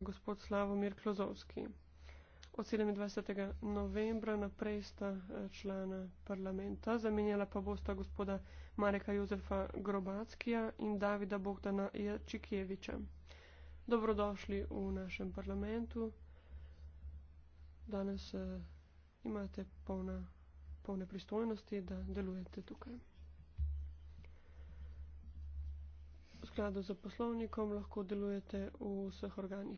gospod Slavomir Klozovski. Od 27. novembra naprej sta eh, člana parlamenta, zamenjala pa bosta gospoda Mareka Jozefa Grobackija in Davida Bogdana Jačikeviča. Dobrodošli v našem parlamentu. Danes eh, imate polna, polne pristojnosti, da delujete tukaj. V skladu z poslovnikom lahko delujete v vseh organih.